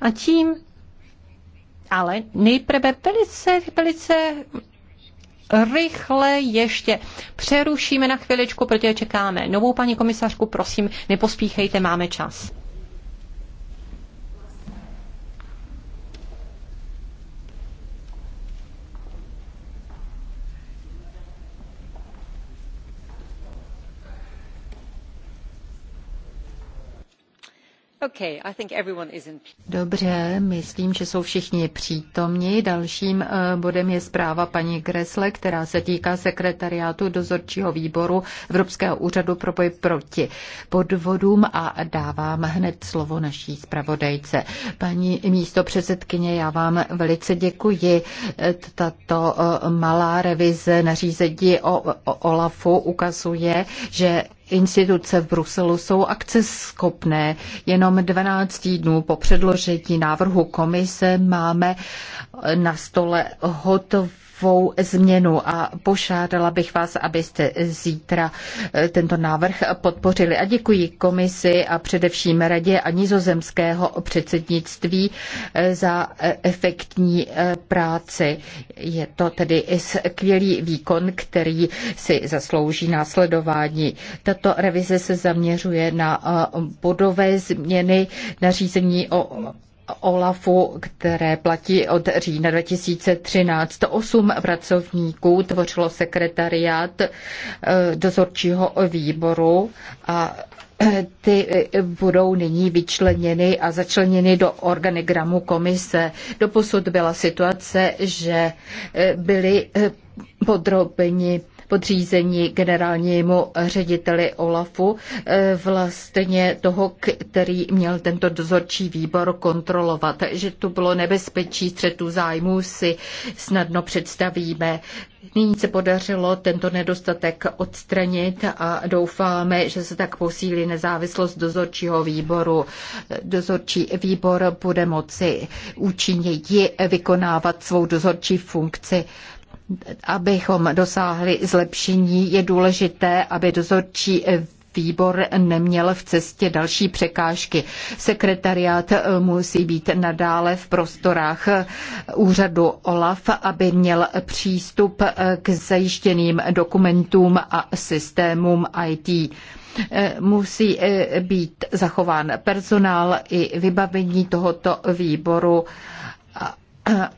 A tím ale nejprve velice, velice rychle ještě přerušíme na chviličku, protože čekáme novou paní komisařku. Prosím, nepospíchejte, máme čas. Dobře, myslím, že jsou všichni přítomní. Dalším eh, bodem je zpráva paní Gresle, která se týká sekretariátu dozorčího výboru Evropského úřadu pro boj proti podvodům a dávám hned slovo naší zpravodajce. Paní místo předsedkyně, já vám velice děkuji. Eh, tato eh, malá revize nařízení o, o OLAFu ukazuje, že instituce v Bruselu jsou akceschopné. Jenom 12 dnů po předložení návrhu komise máme na stole hotový svou změnu a požádala bych vás, abyste zítra eh, tento návrh podpořili. A děkuji komisi a především radě a nizozemského předsednictví eh, za eh, efektní práci. Je to tedy skvělý výkon, který si zaslouží následování. Tato revize se zaměřuje na bodové změny nařízení o OLAFu, které platí od října 2013. Osm pracovníků tvořilo sekretariát eh, dozorčího výboru a eh, ty eh, budou nyní vyčleněny a začleněny do organigramu komise. Doposud byla situace, že byly podrobeni podřízení generálnímu řediteli Olafu, eh, vlastně toho, který měl tento dozorčí výbor kontrolovat. Že tu bylo nebezpečí střetu zájmů si snadno představíme. Nyní se podařilo tento nedostatek odstranit a doufáme, že se tak posílí nezávislost dozorčího výboru. Dozorčí výbor bude moci účinněji vykonávat svou dozorčí funkci. Abychom dosáhli zlepšení, je důležité, aby dozorčí výbor neměl v cestě další překážky. Sekretariát musí být nadále v prostorách úřadu OLAF, aby měl přístup k zajištěným dokumentům a systémům IT. Musí být zachován personál i vybavení tohoto výboru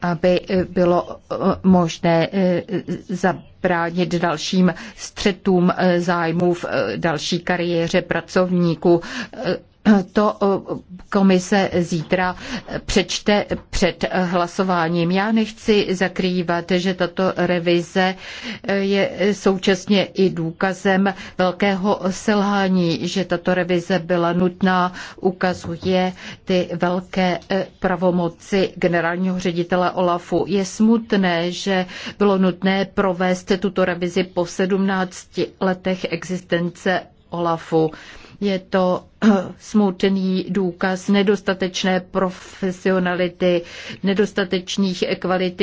aby bylo eh, možné eh, zabránit dalším střetům eh, zájmů v další kariéře pracovníků to eh, komise zítra přečte před hlasováním. Já nechci zakrývat, že tato revize eh, je současně i důkazem velkého selhání, že tato revize byla nutná, ukazuje ty velké eh, pravomoci generálního ředitele Olafu. Je smutné, že bylo nutné provést tuto revizi po 17 letech existence Olafu je to smutný důkaz nedostatečné profesionality, nedostatečných kvalit,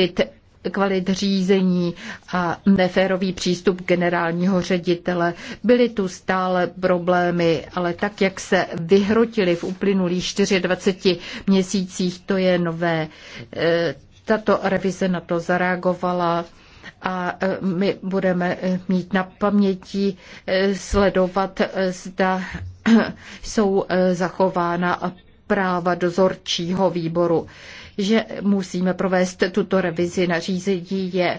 kvalit řízení a neférový přístup generálního ředitele. Byly tu stále problémy, ale tak, jak se vyhrotili v uplynulých 24 měsících, to je nové. E, tato revize na to zareagovala a e, my budeme e, mít na paměti e, sledovat, zda jsou zachována práva dozorčího výboru. Že musíme provést tuto revizi nařízení je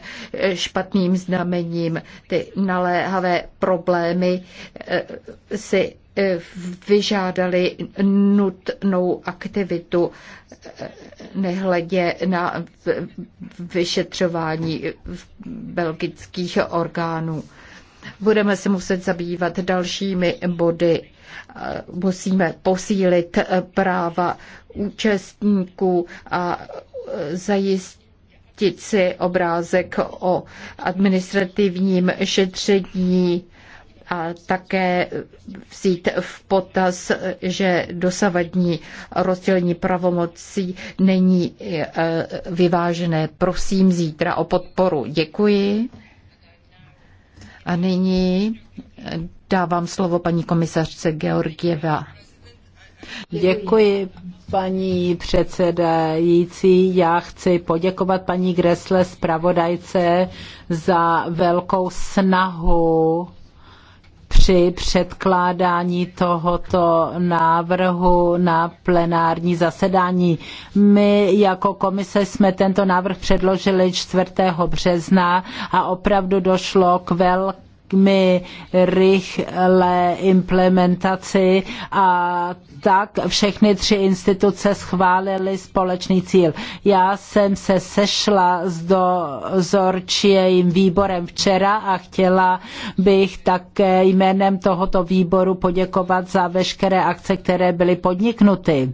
špatným znamením. Ty naléhavé problémy si vyžádali nutnou aktivitu eh, nehledě na vyšetřování belgických orgánů. Budeme se muset zabývat dalšími body. Eh, musíme posílit eh, práva účastníků a zajistit si obrázek o administrativním šetření a také vzít v potaz, že dosavadní rozdělení pravomocí není eh, vyvážené. Prosím zítra o podporu. Děkuji. A nyní dávám slovo paní komisařce Georgieva. Děkuji, paní předsedající. Já chci poděkovat paní Gresle zpravodajce za velkou snahu při předkládání tohoto návrhu na plenární zasedání. My jako komise jsme tento návrh předložili 4. března a opravdu došlo k velké my rychle implementaci a tak všechny tři instituce schválily společný cíl. Já jsem se sešla s dozorčím výborem včera a chtěla bych také jménem tohoto výboru poděkovat za veškeré akce, které byly podniknuty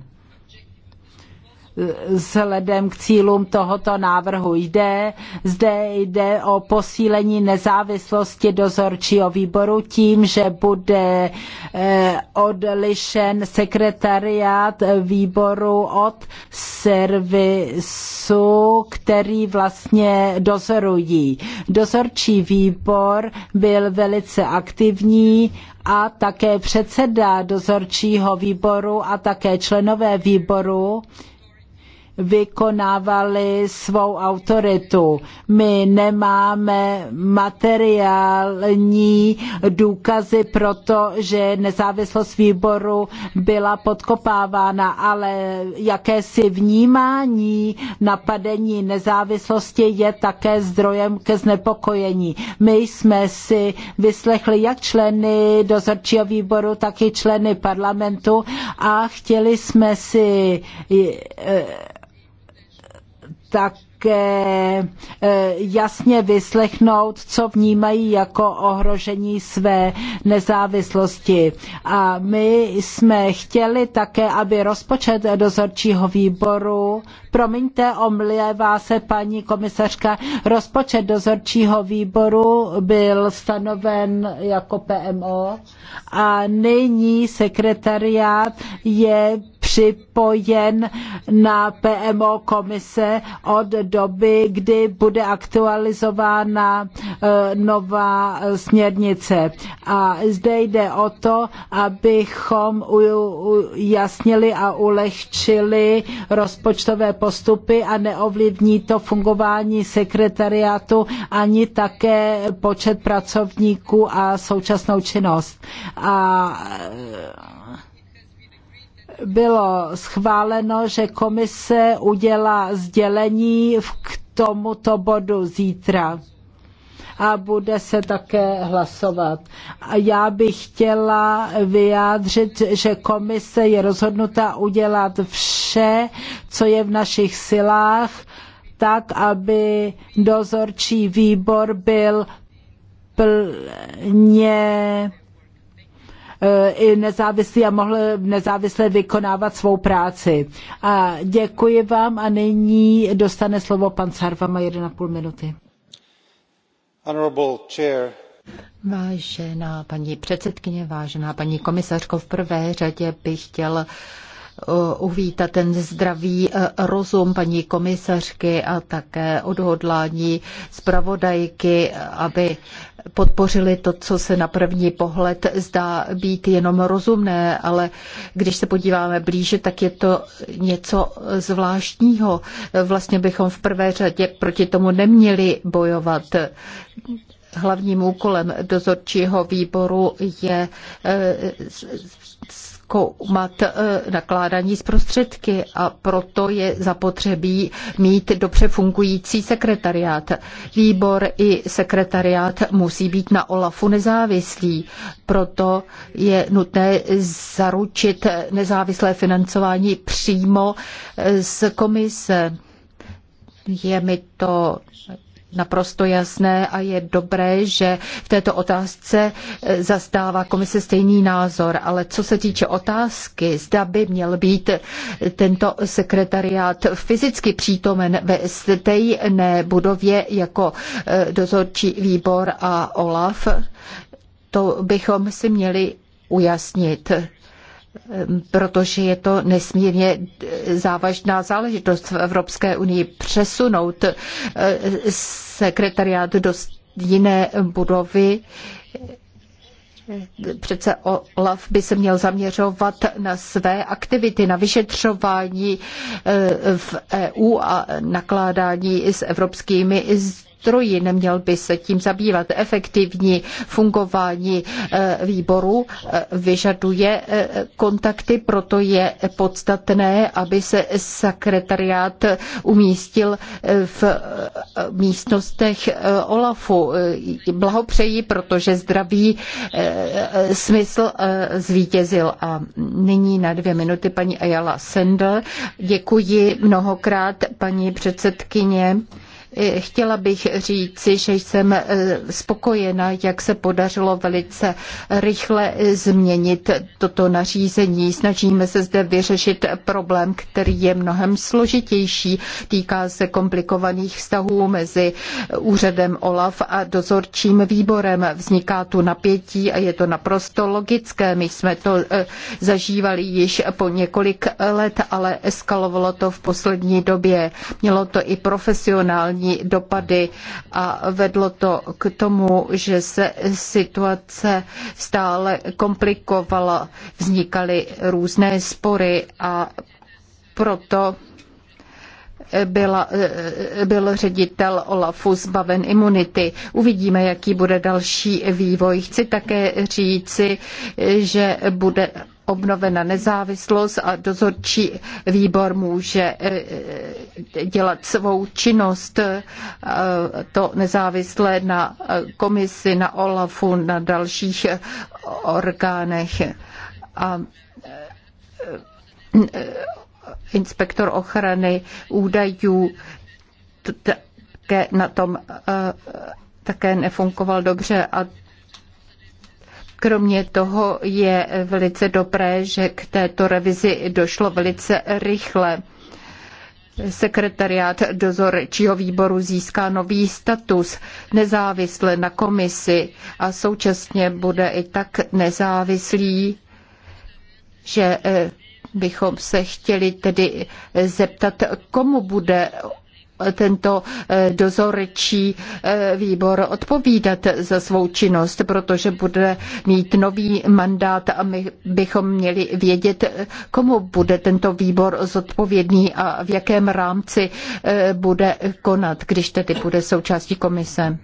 vzhledem k cílům tohoto návrhu jde. Zde jde o posílení nezávislosti dozorčího výboru tím, že bude eh, odlišen sekretariát výboru od servisu, který vlastně dozorují. Dozorčí výbor byl velice aktivní a také předseda dozorčího výboru a také členové výboru vykonávali svou autoritu. My nemáme materiální důkazy pro to, že nezávislost výboru byla podkopávána, ale jakési vnímání napadení nezávislosti je také zdrojem ke znepokojení. My jsme si vyslechli jak členy dozorčího výboru, tak i členy parlamentu a chtěli jsme si eh, také eh, jasně vyslechnout, co vnímají jako ohrožení své nezávislosti. A my jsme chtěli také, aby rozpočet dozorčího výboru, promiňte, omlévá se paní komisařka, rozpočet dozorčího výboru byl stanoven jako PMO a nyní sekretariát je připojen na PMO komise od doby, kdy bude aktualizována e, nová e, směrnice. A zde jde o to, abychom ujasnili a ulehčili rozpočtové postupy a neovlivní to fungování sekretariátu ani také počet pracovníků a současnou činnost. A e, bylo schváleno, že komise udělá sdělení k tomuto bodu zítra a bude se také hlasovat. A já bych chtěla vyjádřit, že komise je rozhodnuta udělat vše, co je v našich silách, tak, aby dozorčí výbor byl plně Eh, i nezávislí a mohl nezávisle vykonávat svou práci. A děkuji vám a nyní dostane slovo pan má 1,5 minuty. Honorable chair, Vážená paní předsedkyně, vážená paní komisařko, v prvé řadě bych chtěl Eh, uvítat ten zdravý eh, rozum paní komisařky a také odhodlání zpravodajky, aby podpořili to, co se na první pohled zdá být jenom rozumné, ale když se podíváme blíže, tak je to něco zvláštního. Vlastně bychom v prvé řadě proti tomu neměli bojovat. Hlavním úkolem dozorčího výboru je eh, zkoumat eh, nakládání s prostředky a proto je zapotřebí mít dobře fungující sekretariát. Výbor i sekretariát musí být na OLAFu nezávislí, proto je nutné zaručit nezávislé financování přímo z komise. Je mi to naprosto jasné a je dobré, že v této otázce e, zastává komise stejný názor. Ale co se týče otázky, zda by měl být e, tento sekretariát fyzicky přítomen ve stejné budově jako e, dozorčí výbor a OLAF, to bychom si měli ujasnit protože je to nesmírně závažná záležitost v Evropské unii přesunout eh, sekretariát do jiné budovy. Přece OLAF by se měl zaměřovat na své aktivity, na vyšetřování eh, v EU a nakládání s evropskými zdroji strojin. neměl by se tím zabývat. Efektivní fungování e, výboru e, vyžaduje e, kontakty, proto je podstatné, aby se sekretariát umístil v místnostech OLAFu. Blahopřeji, protože zdravý smysl zvítězil. A nyní na dvě minuty paní Ayala Sendel. Děkuji mnohokrát, paní předsedkyně. Eh, chtěla bych říci, že jsem eh, spokojena, jak se podařilo velice rychle eh, změnit toto nařízení. Snažíme se zde vyřešit problém, který je mnohem složitější. Týká se komplikovaných vztahů mezi úřadem OLAF a dozorčím výborem. Vzniká tu napětí a je to naprosto logické. My jsme to zažívali již po několik let, ale eskalovalo to v poslední době. Mělo to i profesionální negativní dopady a vedlo to k tomu, že se situace stále komplikovala, vznikaly různé spory a proto byla, byl ředitel Olafu zbaven imunity. Uvidíme, jaký bude další vývoj. Chci také říci, že bude obnovena nezávislost a dozorčí výbor může eh, dělat svou činnost, eh, to nezávisle na komisi, na OLAFu, na dalších orgánech. A eh, inspektor ochrany údajů také na tom také nefunkoval dobře a Kromě toho je velice dobré, že k této revizi došlo velice rychle. Sekretariát dozorčího výboru získá nový status nezávisle na komisi a současně bude i tak nezávislý, že eh, bychom se chtěli tedy zeptat, komu bude tento eh, dozorčí eh, výbor odpovídat za svou činnost, protože bude mít nový mandát a my bychom měli vědět, eh, komu bude tento výbor zodpovědný a v jakém rámci bude konat, když tedy bude součástí komise.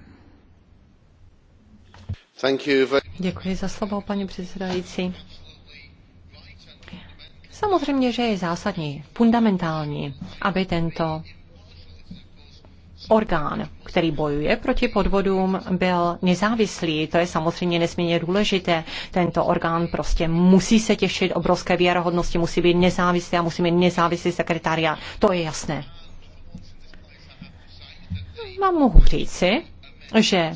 Děkuji za slovo, paní předsedající. Samozřejmě, že je zásadní, fundamentální, aby tento orgán, který bojuje proti podvodům, byl nezávislý. To je samozřejmě nesmírně důležité. Tento orgán prostě musí se těšit obrovské věrohodnosti, musí být nezávislý a musí mít nezávislý sekretariat. To je jasné. Vám mohu říci, že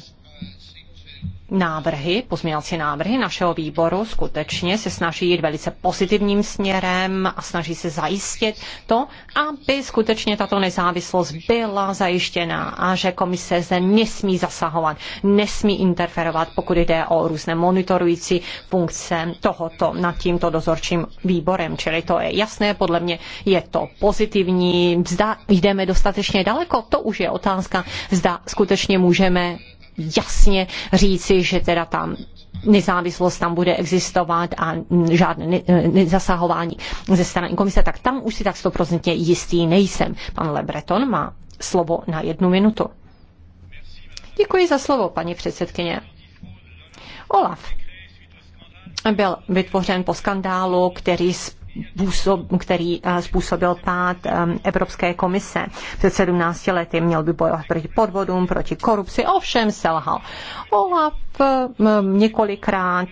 návrhy, pozměňovací návrhy našeho výboru skutečně se snaží jít velice pozitivním směrem a snaží se zajistit to, aby skutečně tato nezávislost byla zajištěna a že komise zde nesmí zasahovat, nesmí interferovat, pokud jde o různé monitorující funkce tohoto nad tímto dozorčím výborem. Čili to je jasné, podle mě je to pozitivní. Zda jdeme dostatečně daleko, to už je otázka, zda skutečně můžeme jasně říci, že teda tam nezávislost tam bude existovat a žádné eh, nezasahování ze strany komise, tak tam už si tak stoprocentně jistý nejsem. Pan Lebreton má slovo na jednu minutu. Děkuji za slovo, paní předsedkyně. Olaf byl vytvořen po skandálu, který způsob, který eh, způsobil pád eh, Evropské komise před 17 lety. Měl by bojovat proti podvodům, proti korupci, ovšem selhal. Olaf eh, několikrát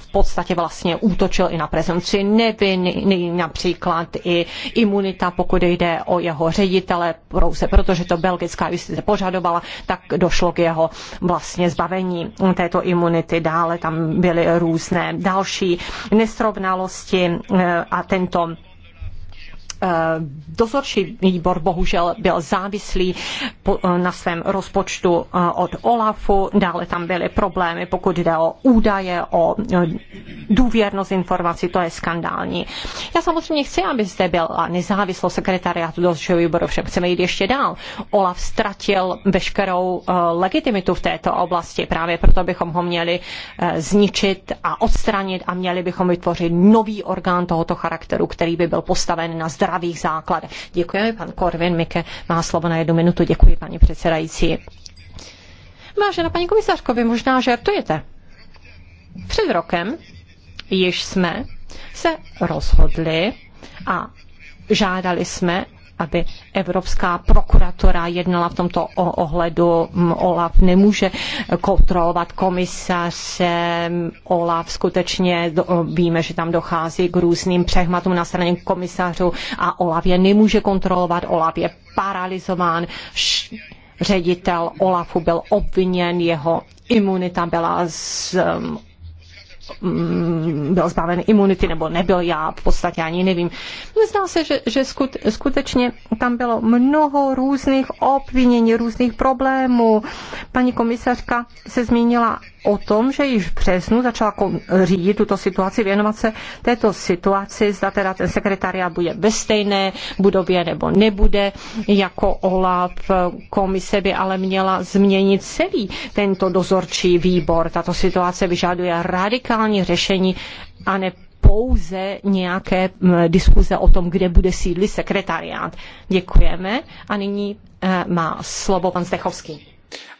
v podstatě vlastně útočil i na prezumci neviny, například i imunita, pokud jde o jeho ředitele, pouze protože to belgická justice požadovala, tak došlo k jeho vlastně zbavení této imunity. Dále tam byly různé další nesrovnalosti a tento Eh, dozorčí výbor bohužel byl závislý eh, na svém rozpočtu eh, od OLAFu. Dále tam byly problémy, pokud jde o údaje, o důvěrnost informací, to je skandální. Já samozřejmě chci, aby zde byla nezávislost sekretariátu dozorčího výboru, všem chceme jít ještě dál. OLAF ztratil veškerou legitimitu v této oblasti, právě proto bychom ho měli zničit a odstranit a měli bychom vytvořit nový orgán tohoto charakteru, který by byl postaven na zdraví zdravých základech. Děkujeme, pan Korvin Mike má slovo na jednu minutu. Děkuji, paní předsedající. Vážená paní komisařko, vy možná žertujete. Před rokem již jsme se rozhodli a žádali jsme aby Evropská prokuratura jednala v tomto ohledu. OLAF nemůže kontrolovat komisaře. OLAF skutečně víme, že tam dochází k různým přehmatům na straně komisařů a OLAF je nemůže kontrolovat. OLAF je paralizován. Ředitel OLAFu byl obviněn, jeho imunita byla z, Mm, byl zbaven imunity nebo nebyl, já v podstatě ani nevím. Zdá se, že, že skutečně tam bylo mnoho různých obvinění, různých problémů. Paní komisařka se zmínila o tom, že již v březnu začala řídit tuto situaci, věnovat se této situaci, zda teda ten sekretariat bude ve stejné budově nebo nebude, jako OLAF komise by ale měla změnit celý tento dozorčí výbor. Tato situace vyžaduje radikální řešení a ne pouze nějaké diskuze o tom, kde bude sídlit sekretariát. Děkujeme a nyní eh, má slovo pan Stechovský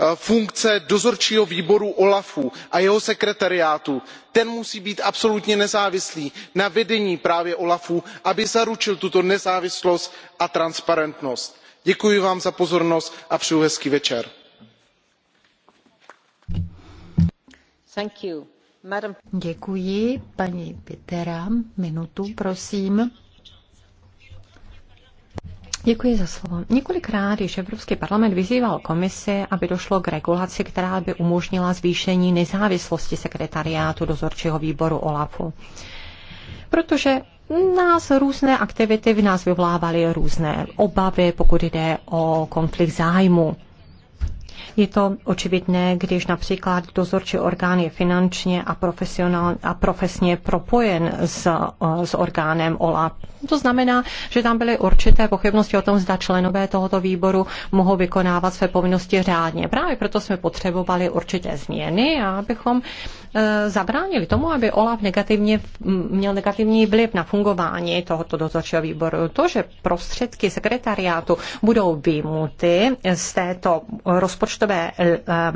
Eh, funkce dozorčího výboru úřadu olaf a jeho sekretariátu ten musí být absolutně nezávislý na vedení právě olaf aby zaručil tuto nezávislost a transparentnost. děkuji vám za pozornost a přeji hezký večer. Děkuji, Minutu, prosím. Děkuji za slovo. Několikrát již Evropský parlament vyzýval komisi, aby došlo k regulaci, která by umožnila zvýšení nezávislosti sekretariátu dozorčího výboru OLAFu. Protože nás různé aktivity v nás vyvlávaly různé obavy, pokud jde o konflikt zájmu. Je to očividné, když například dozorčí orgán je finančně a, profesionál, a profesně propojen s, s orgánem OLAP. To znamená, že tam byly určité pochybnosti o tom, zda členové tohoto výboru mohou vykonávat své povinnosti řádně. Právě proto jsme potřebovali určité změny, abychom e, zabránili tomu, aby OLAF negativně, měl negativní vliv na fungování tohoto dozorčího výboru. To, že prostředky sekretariátu budou výmuty. z této rozpočtové rozpočtové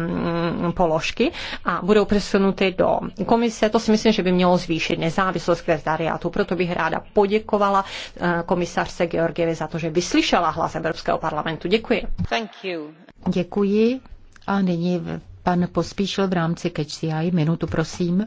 um, položky a budou přesunuty do komise. To si myslím, že by mělo zvýšit nezávislost kvezdariátu. Proto bych ráda poděkovala eh, komisařce Georgievi za to, že vyslyšela hlas Evropského parlamentu. Děkuji. Thank you. Děkuji. A nyní pan Pospíšil v rámci Catch Minutu, prosím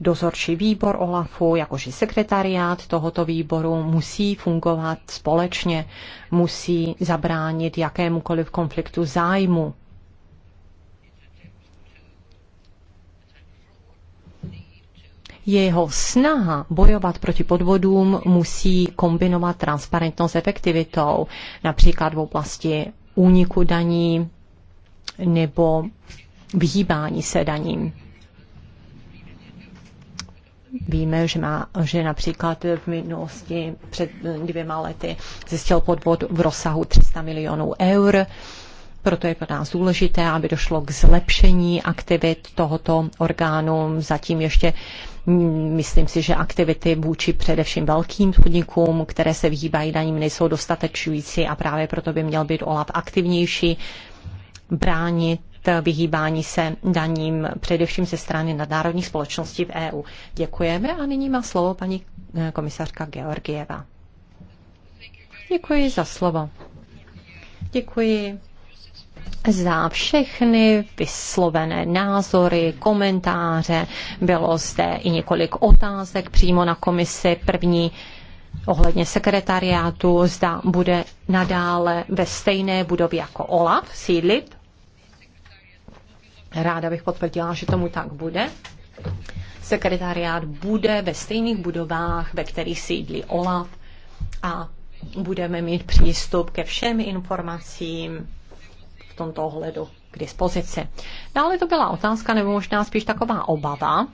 dozorčí výbor OLAFu, jakož i sekretariát tohoto výboru musí fungovat společně, musí zabránit jakémukoliv konfliktu zájmu. Jeho snaha bojovat proti podvodům musí kombinovat transparentnost s efektivitou, například v oblasti úniku daní nebo vyhýbání se daním. Víme, že, má, že například v minulosti před dvěma lety zjistil podvod v rozsahu 300 milionů eur. Proto je pro nás důležité, aby došlo k zlepšení aktivit tohoto orgánu. Zatím ještě mm, myslím si, že aktivity vůči především velkým podnikům, které se vyhýbají daním, nejsou dostatečující a právě proto by měl být OLAF aktivnější, bránit vyhýbání se daním, především ze strany nadnárodních společností v EU. Děkujeme a nyní má slovo paní eh, komisařka Georgieva. Děkuji za slovo. Děkuji za všechny vyslovené názory, komentáře. Bylo zde i několik otázek přímo na komisi. První ohledně sekretariátu, zda bude nadále ve stejné budově jako OLAF sídlit. Ráda bych potvrdila, že tomu tak bude. Sekretariát bude ve stejných budovách, ve kterých sídlí OLAF a budeme mít přístup ke všem informacím v tomto ohledu k dispozici. Dále to byla otázka, nebo možná spíš taková obava,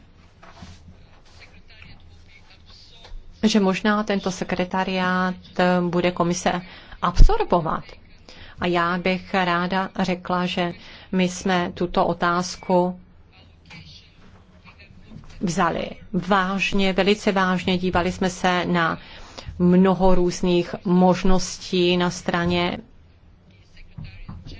že možná tento sekretariát bude komise absorbovat. A já bych ráda řekla, že my jsme tuto otázku vzali vážně, velice vážně. Dívali jsme se na mnoho různých možností na straně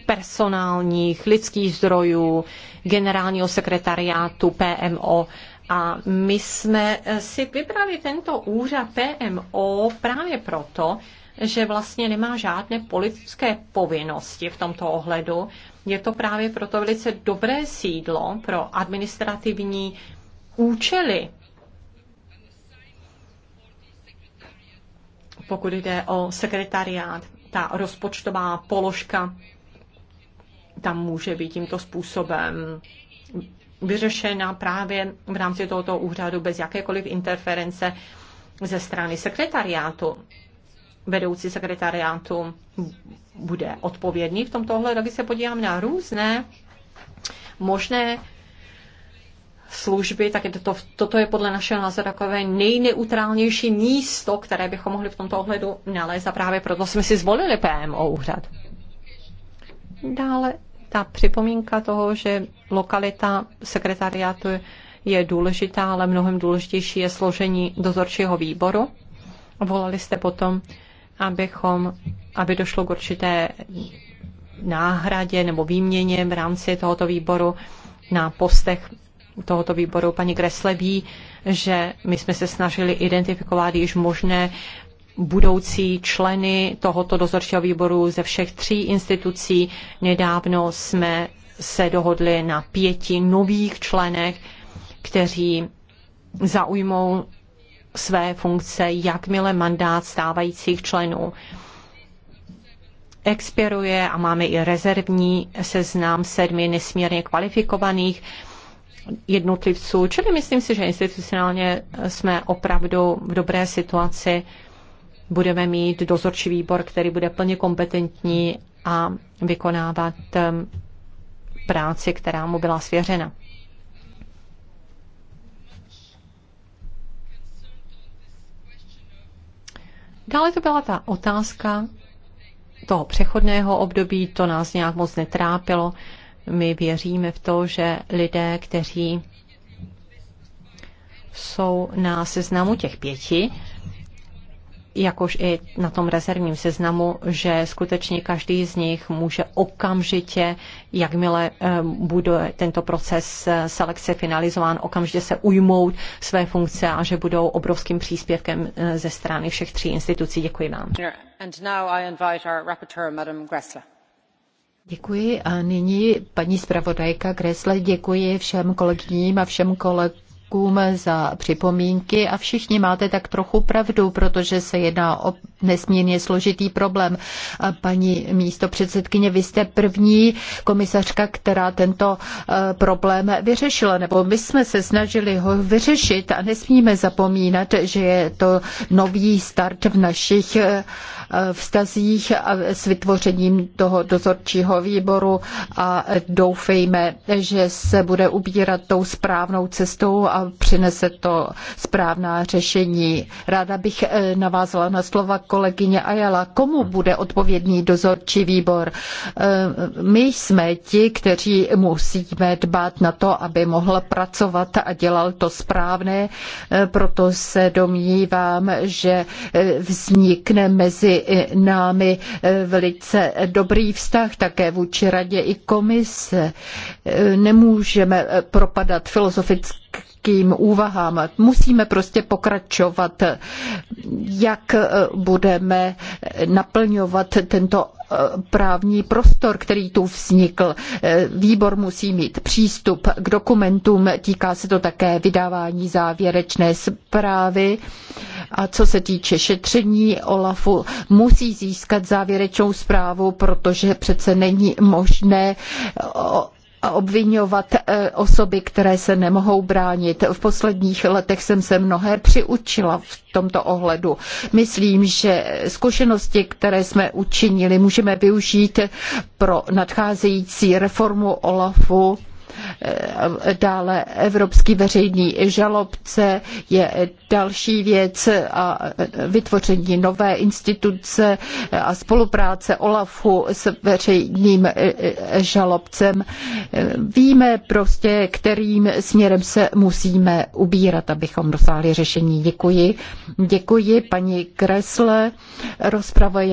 personálních, lidských zdrojů, generálního sekretariátu PMO. A my jsme si vybrali tento úřad PMO právě proto, že vlastně nemá žádné politické povinnosti v tomto ohledu je to právě proto velice dobré sídlo pro administrativní účely. Pokud jde o sekretariát, ta rozpočtová položka tam může být tímto způsobem vyřešena právě v rámci tohoto úřadu bez jakékoliv interference ze strany sekretariátu vedoucí sekretariátu bude odpovědný v tomto ohledu, když se podívám na různé možné služby, tak je to, toto je podle našeho názoru takové nejneutrálnější místo, které bychom mohli v tomto ohledu nalézt a právě proto jsme si zvolili PMO úřad. Dále ta připomínka toho, že lokalita sekretariátu je důležitá, ale mnohem důležitější je složení dozorčího výboru. Volali jste potom abychom, aby došlo k určité náhradě nebo výměně v rámci tohoto výboru na postech tohoto výboru. Paní Gresle ví, že my jsme se snažili identifikovat již možné budoucí členy tohoto dozorčího výboru ze všech tří institucí. Nedávno jsme se dohodli na pěti nových členech, kteří zaujmou své funkce, jakmile mandát stávajících členů expiruje a máme i rezervní seznam sedmi nesmírně kvalifikovaných jednotlivců. Čili myslím si, že institucionálně jsme opravdu v dobré situaci. Budeme mít dozorčí výbor, který bude plně kompetentní a vykonávat ehm, práci, která mu byla svěřena. Dále to byla ta otázka toho přechodného období, to nás nějak moc netrápilo. My věříme v to, že lidé, kteří jsou na seznamu těch pěti, jakož i na tom rezervním seznamu, že skutečně každý z nich může okamžitě, jakmile eh, bude tento proces eh, selekce finalizován, okamžitě se ujmout své funkce a že budou obrovským příspěvkem eh, ze strany všech tří institucí. Děkuji vám. Děkuji a nyní paní zpravodajka Gressle, děkuji všem kolegyním a všem kolegům kolegům za připomínky a všichni máte tak trochu pravdu, protože se jedná o nesmírně složitý problém. A paní místo předsedkyně, vy jste první komisařka, která tento eh, problém vyřešila, nebo my jsme se snažili ho vyřešit a nesmíme zapomínat, že je to nový start v našich eh, vztazích a s vytvořením toho dozorčího výboru a doufejme, že se bude ubírat tou správnou cestou a přinese to správná řešení. Ráda bych eh, navázala na slova kolegyně Ajala. Komu bude odpovědný dozorčí výbor? Eh, my jsme ti, kteří musíme dbát na to, aby mohl pracovat a dělal to správné, eh, proto se domnívám, že vznikne mezi námi e, velice dobrý vztah také vůči radě i komise. E, nemůžeme e, propadat filozofické politickým úvahám. Musíme prostě pokračovat, jak eh, budeme naplňovat tento eh, právní prostor, který tu vznikl. Eh, výbor musí mít přístup k dokumentům, týká se to také vydávání závěrečné zprávy. A co se týče šetření OLAFu, musí získat závěrečnou zprávu, protože přece není možné a obvinovat eh, osoby, které se nemohou bránit. V posledních letech jsem se mnohé přiučila v tomto ohledu. Myslím, že zkušenosti, které jsme učinili, můžeme využít pro nadcházející reformu OLAFu Eh, dále Evropský veřejný žalobce je další věc a eh, vytvoření nové instituce a spolupráce OLAFu s veřejným eh, žalobcem. Víme prostě, kterým směrem se musíme ubírat, abychom dosáhli řešení. Děkuji. Děkuji paní Kresle. Rozprava je